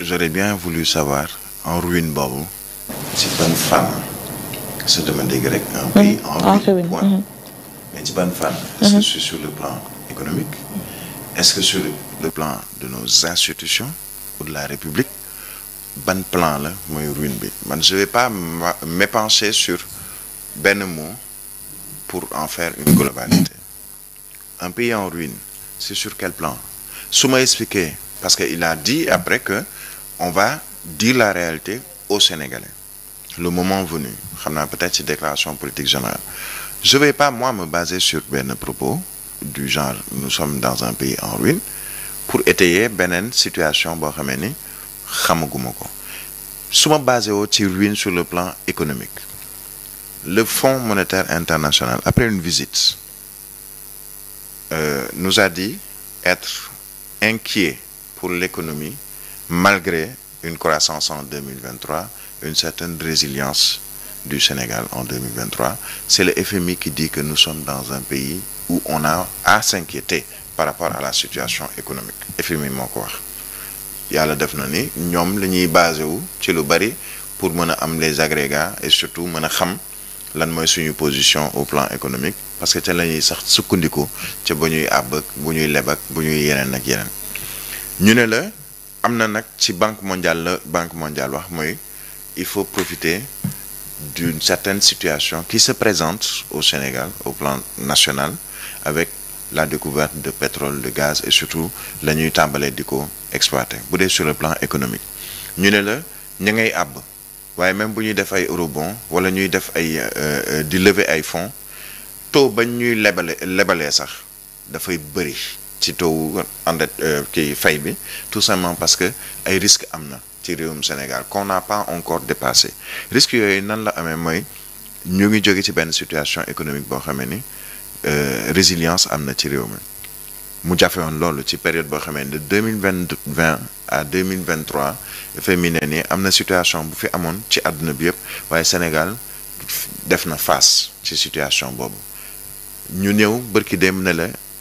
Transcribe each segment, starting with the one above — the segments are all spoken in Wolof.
j'aurais bien voulu savoir, en ruine Bobo, si bonne femme se un pays mhm. en ah, ruine mhm. mais est-ce que c'est sur le plan économique est-ce que sur le plan de nos institutions ou de la République bonne plan là, ruine Ben je vais pas m'épancher sur Ben mot pour en faire une globalité un pays en ruine c'est sur quel plan Souma expliqué expliquer parce qu'il a dit après que on va dire la réalité aux Sénégalais. Le moment venu, peut-être ces déclarations politiques générales. Je ne vais pas, moi, me baser sur ben propos du genre nous sommes dans un pays en ruine pour étayer une situation bo xamné basé au ci ruine sur le plan économique. Le Fonds monétaire international après une visite euh, nous a dit être inquiet pour l'économie malgré une croissance en 2023, une certaine résilience du Sénégal en 2023. C'est le FMI qui dit que nous sommes dans un pays où on a à s'inquiéter par rapport à la situation économique. FMI moo ko Il y a na ni qui sont ñuy basé wu ci bari pour mën les agrégats et surtout mën xam lan moy suñu position au plan économique parce que té lañuy sax sukkandiku ca bu ab àbb bu ñuy lebak buñuy yenen ak yenen ñu ne la amna nak ci banque mondiale banque mondiale wax moy il faut profiter d'une certaine situation qui se présente au Sénégal au plan national avec la découverte de pétrole de gaz et surtout la ñuy tambalé diko déco exploiter sur le plan économique ñu né la ñay même si nous def ay eurobond wala ñuy def ay euh, euh, di lever ay fonds taux bañ ñuy lebale lebalee sax ci taux en euh, kii fay bi tout simplement parce que ay risques amna na ci Sénégal qu'on n'a pas encore dépassé risque yoy nan la amé moy ñu ngi joggé ci ben situation économique bo xamé ni euh, résilience amna ci réew mi mu won lolu ci période bo xamé de 2020 à 2023 féminé ni amna situation bu fi amone ci aduna bi yépp waye Sénégal def na face ci situation bobu ñu ñëw barki dem na la.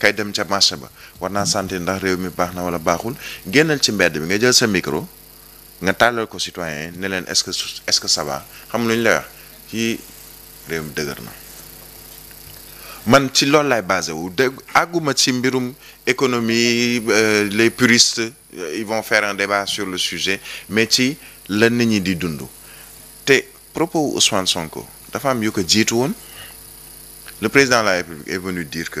kay dem ca marché ba war naa sentir ndax réew mi baax na wala baaxul génnal ci mbedd bi nga jël sa micro nga tàllal ko citoyen ne leen est-ce que est-ce que ça va xam luñ lay wax ci réew mi dëgër na man ci loolu lay basé wu dégg àgguma ci mbirum économie euh, les puristes euh, ils vont faire un débat sur le sujet mais ci la nit ñi di dund te propos Ousmane Sonko dafa am yu ko jiitu woon le président de la République est venu dire que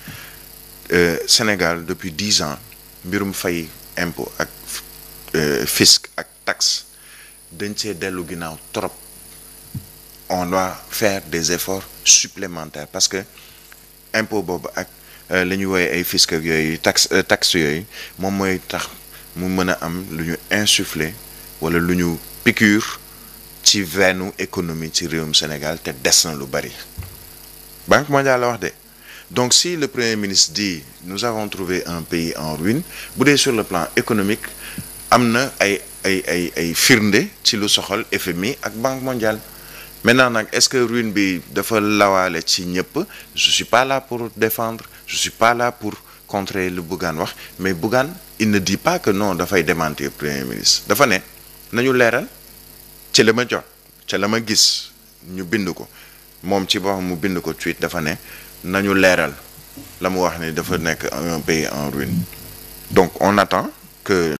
Euh, Sénégal depuis 10 ans mbirum fay impôt ak euh, fisc ak taxe dañ see dellu ginnaaw trop on doit faire des efforts supplémentaires parce que impôt bob ak euh, ñuy woowee ay fisc ak yoy taxe euh, taxe yoy mom moy tax mu mën am luñu insuffler wala luñu ñu piqûre ci veine économie ci réewum Sénégal té des na lu bari Banque mondiale la wax de donc si le Premier ministre dit nous avons trouvé un pays en ruine, sur le plan économique il à ay ay ay ay FMI, ci la FMI Banque mondiale maintenant est-ce que ruine bi dafa ci ñëpp je suis pas là pour défendre je ne suis pas là pour contrer le Bougan. mais Bougan, il ne dit pas que non dafay démentir Premier ministre dafa ne nañu c'est ci major, ma jot ci nous ma gis ñu bind ko nañu léral la wax ni dafa nek un pays en ruine donc on attend que